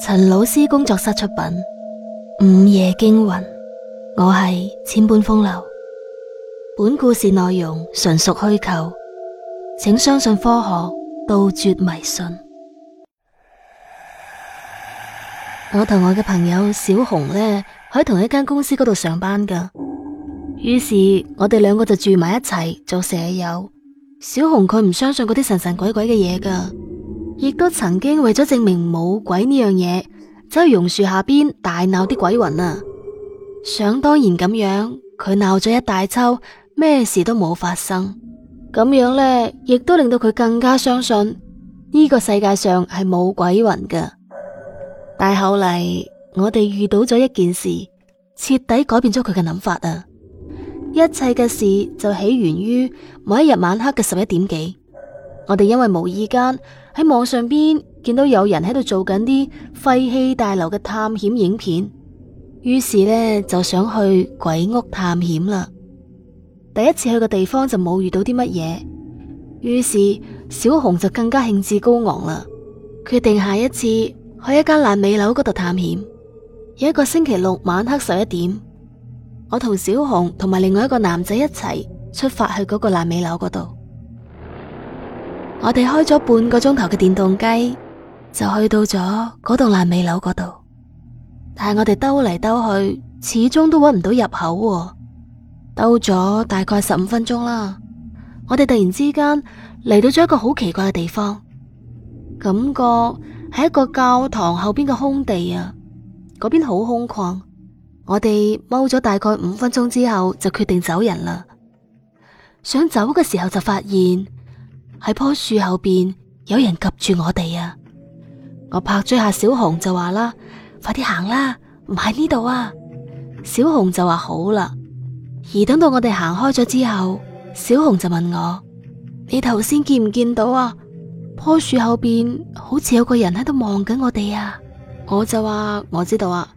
陳老師工作室出品《午夜驚魂》，我係千般風流。本故事內容純屬虛構，請相信科學，杜絕迷信。 我同我嘅朋友小紅呢，喺同一間公司嗰度上班噶，於是我哋兩個就住埋一齊做舍友。小紅佢唔相信嗰啲神神鬼鬼嘅嘢噶。亦都曾經為咗證明冇鬼呢樣嘢，走去榕樹下邊大鬧啲鬼魂啊。想當然咁樣，佢鬧咗一大秋，咩事都冇發生。咁樣呢，亦都令到佢更加相信呢個世界上係冇鬼魂噶。但係後嚟，我哋遇到咗一件事，徹底改變咗佢嘅諗法啊。一切嘅事就起源於每一日晚黑嘅十一點幾，我哋因為無意間。喺網上邊見到有人喺度做緊啲廢棄大樓嘅探險影片，於是呢就想去鬼屋探險啦。第一次去嘅地方就冇遇到啲乜嘢，於是小紅就更加興致高昂啦，決定下一次去一間爛尾樓嗰度探險。有一個星期六晚黑十一點，我同小紅同埋另外一個男仔一齊出發去嗰個爛尾樓嗰度。我哋開咗半個鐘頭嘅電動機，就去到咗嗰棟爛尾樓嗰度，但係我哋兜嚟兜去，始終都搵唔到入口啊。兜咗大概十五分鐘啦，我哋突然之間嚟到咗一個好奇怪嘅地方，感覺係一個教堂後邊嘅空地啊，嗰邊好空曠。我哋踎咗大概五分鐘之後，就決定走人啦。想走嘅時候就發現。喺棵樹後邊有人及住我哋啊！我拍咗下小紅就話啦：「快啲行啦，唔喺呢度啊！小紅就話好啦。而等到我哋行開咗之後，小紅就問我：「你頭先見唔見到啊？棵樹後邊好似有個人喺度望緊我哋啊！我就話我知道啊，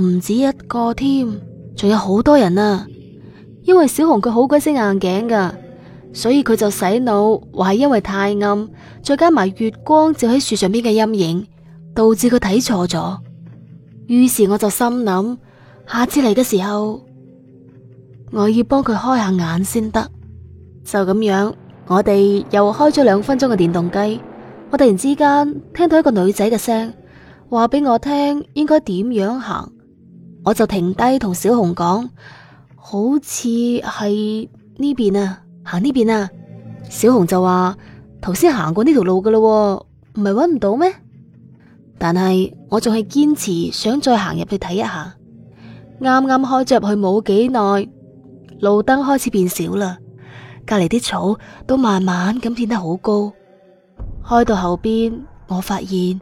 唔止一個添，仲有好多人啊！因為小紅佢好鬼識眼鏡噶。所以佢就洗腦話係因為太暗，再加埋月光照喺樹上邊嘅陰影，導致佢睇錯咗。於是我就心諗，下次嚟嘅時候，我要幫佢開下眼先得。就咁樣，我哋又開咗兩分鐘嘅電動機。我突然之間聽到一個女仔嘅聲，話俾我聽應該點樣行，我就停低同小紅講，好似係呢邊啊。行呢邊啊，小紅就話頭先行過呢條路㗎喇，唔係揾唔到咩？但係我仲係堅持想再行入去睇一下。啱啱開咗入去冇幾耐，路燈開始變少啦，隔籬啲草都慢慢咁變得好高。開到後邊，我發現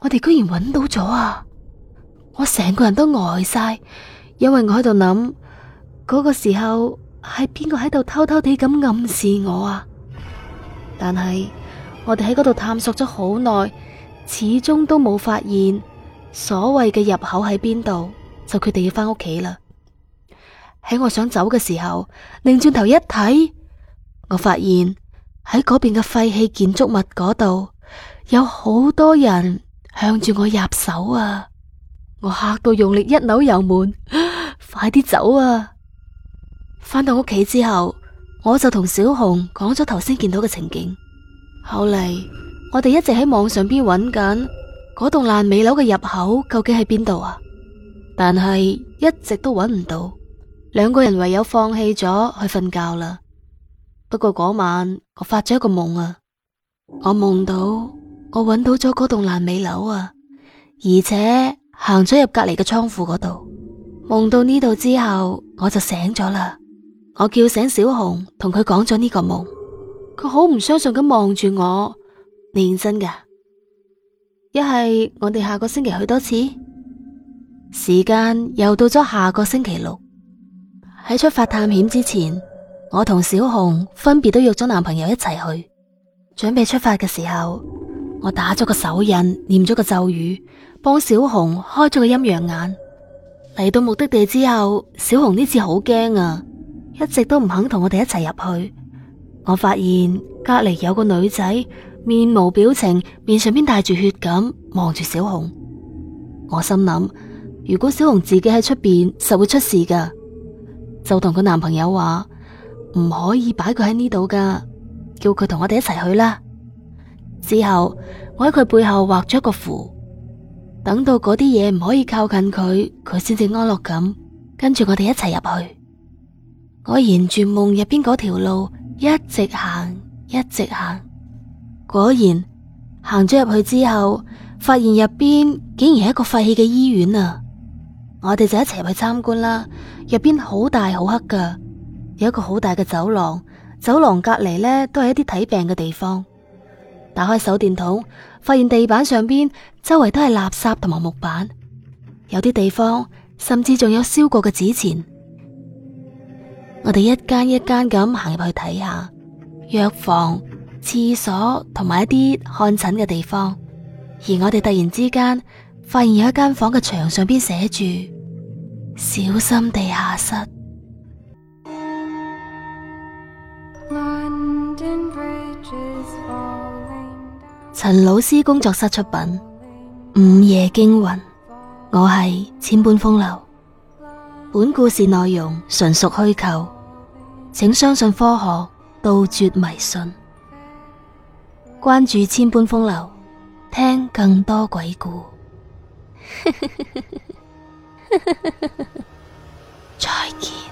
我哋居然揾到咗啊！我成個人都呆晒，因為我喺度諗嗰個時候。係邊個喺度偷偷地咁暗示我啊？但係我哋喺嗰度探索咗好耐，始終都冇發現所謂嘅入口喺邊度，就決定要翻屋企啦。喺我想走嘅時候，擰轉頭一睇，我發現喺嗰邊嘅廢棄建築物嗰度有好多人向住我入手啊！我吓到用力一扭油門， 快啲走啊！返到屋企之後，我就同小紅講咗頭先見到嘅情景。後嚟我哋一直喺網上邊揾緊嗰棟爛尾樓嘅入口究竟喺邊度啊，但係一直都揾唔到，兩個人唯有放棄咗去瞓覺啦。不過嗰晚我發咗一個夢啊，我夢到我揾到咗嗰棟爛尾樓啊，而且行咗入隔離嘅倉庫嗰度。夢到呢度之後，我就醒咗啦。我叫醒小紅，同佢講咗呢個夢，佢好唔相信咁望住我。你認真㗎？一係我哋下個星期去多次？時間又到咗下個星期六，喺出發探險之前，我同小紅分別都約咗男朋友一齊去。準備出發嘅時候，我打咗個手印，念咗個咒語，幫小紅開咗個陰陽眼。嚟到目的地之後，小紅呢次好驚啊！一直都唔肯同我哋一齊入去。我發現隔籬有個女仔面無表情，面上邊帶住血咁望住小紅。我心諗，如果小紅自己喺出邊，實會出事噶。就同佢男朋友話唔可以擺佢喺呢度噶，叫佢同我哋一齊去啦。之後我喺佢背後畫咗一個符，等到嗰啲嘢唔可以靠近佢，佢先至安樂咁。跟住我哋一齊入去。我沿住夢入邊嗰條路一直行，一直行，果然行咗入去之後，發現入邊竟然係一個廢棄嘅醫院啊！我哋就一齊去參觀啦。入邊好大好黑噶，有一個好大嘅走廊，走廊隔籬呢都係一啲睇病嘅地方。打開手電筒，發現地板上邊周圍都係垃圾同埋木板，有啲地方甚至仲有燒過嘅紙錢。我哋一間一間咁行入去睇下藥房、廁所同埋一啲看診嘅地方，而我哋突然之間發現有一間房嘅牆上邊寫住小心地下室。陳 老師工作室出品《午夜驚魂》，我係千般風流。本故事內容純屬虛構。請相信科學，杜絕迷信。關注千般風流，聽更多鬼故。 再見。